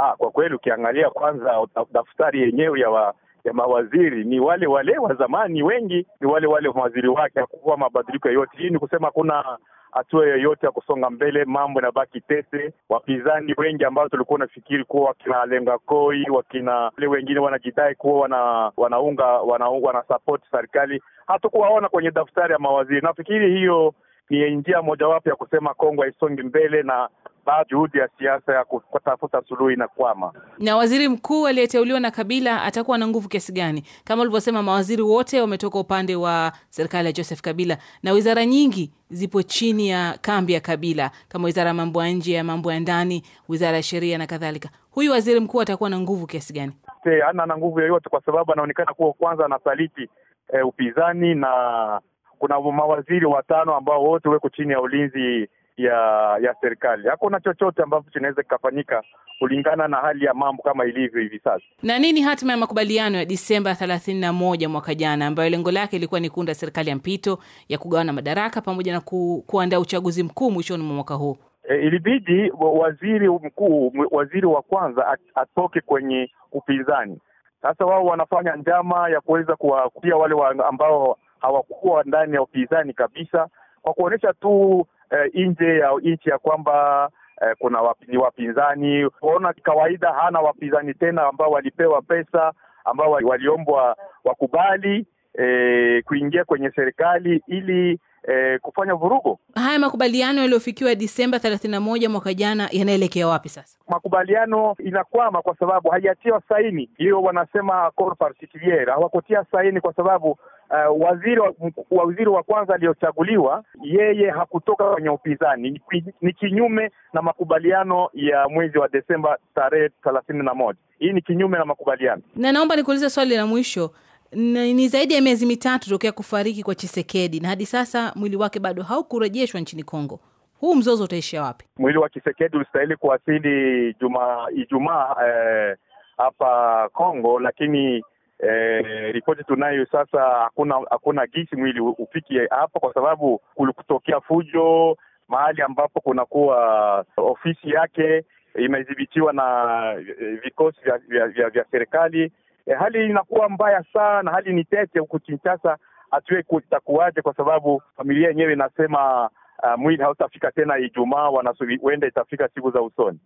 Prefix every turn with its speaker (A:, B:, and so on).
A: Ah, kwa kweli ukiangalia kwanza daftari yenyewe ya wa, ya mawaziri ni wale wale wa zamani, wengi ni wale wale mawaziri wake. Hakukuwa mabadiliko yoyote. Hii ni kusema kuna hatua yoyote ya kusonga mbele, mambo yanabaki tete. Wapinzani wengi ambao tulikuwa unafikiri kuwa wakina lenga koi wakina wale wengine wanajidai kuwa wana, wanaunga wanaunga wanasapoti serikali, hatukuwaona kwenye daftari ya mawaziri. Nafikiri hiyo ni njia mojawapo ya kusema Kongo haisongi mbele na bado juhudi ya siasa ya kutafuta suluhu inakwama.
B: Na waziri mkuu aliyeteuliwa na Kabila atakuwa na nguvu kiasi gani? Kama ulivyosema, mawaziri wote wametoka upande wa serikali ya Joseph Kabila na wizara nyingi zipo chini ya kambi ya Kabila, kama wizara ya mambo ya nje, ya mambo ya ndani, wizara ya sheria na kadhalika. Huyu waziri mkuu atakuwa na nguvu kiasi gani?
A: Ana na nguvu yoyote, kwa sababu anaonekana kuwa kwanza anasaliti e, upinzani na kuna mawaziri watano ambao wote weko chini ya ulinzi ya ya serikali. Hakuna chochote ambacho kinaweza kikafanyika kulingana na hali ya mambo kama ilivyo hivi sasa.
B: Na nini hatima ya makubaliano ya Disemba thelathini na moja mwaka jana, ambayo lengo lake ilikuwa ni kuunda serikali ya mpito ya kugawana madaraka pamoja na ku, kuandaa uchaguzi mkuu mwishoni mwa mwaka huu?
A: E, ilibidi waziri mkuu, waziri wa kwanza atoke kwenye upinzani. Sasa wao wanafanya njama ya kuweza kuwakutia wale wa ambao hawakuwa ndani ya upinzani kabisa, kwa kuonyesha tu eh, nje ya nchi ya kwamba eh, kuna wapi, wapinzani kuona kawaida hana wapinzani tena ambao walipewa pesa ambao waliombwa wakubali eh, kuingia kwenye serikali ili e, kufanya vurugo.
B: Haya makubaliano yaliyofikiwa Disemba thelathini na moja mwaka jana yanaelekea wapi sasa? Makubaliano
A: inakwama kwa sababu haijatiwa saini, hiyo wanasema hawakutia saini kwa sababu Uh, waziri wa, waziri wa kwanza aliyochaguliwa yeye hakutoka kwenye upinzani, ni kinyume na makubaliano ya mwezi wa Desemba tarehe thelathini na moja. Hii ni kinyume na makubaliano,
B: na naomba nikuulize swali la mwisho. Ni zaidi ya miezi mitatu tokea kufariki kwa Chisekedi na hadi sasa mwili wake bado haukurejeshwa nchini Kongo. Huu mzozo utaishia wapi?
A: Mwili wa Chisekedi ulistahili kuwasili Ijumaa eh, hapa eh, congo lakini eh, ripoti tunayo sasa, hakuna hakuna gisi mwili ufikie hapa, kwa sababu kulikutokea fujo mahali ambapo kunakuwa ofisi yake imedhibitiwa na eh, vikosi vya, vya, vya, vya serikali E, hali inakuwa mbaya sana, hali ni tete huku Kinshasa, atuwe itakuwaje kwa sababu familia yenyewe inasema uh, mwili hautafika tena Ijumaa, wanasubi huenda itafika siku za usoni.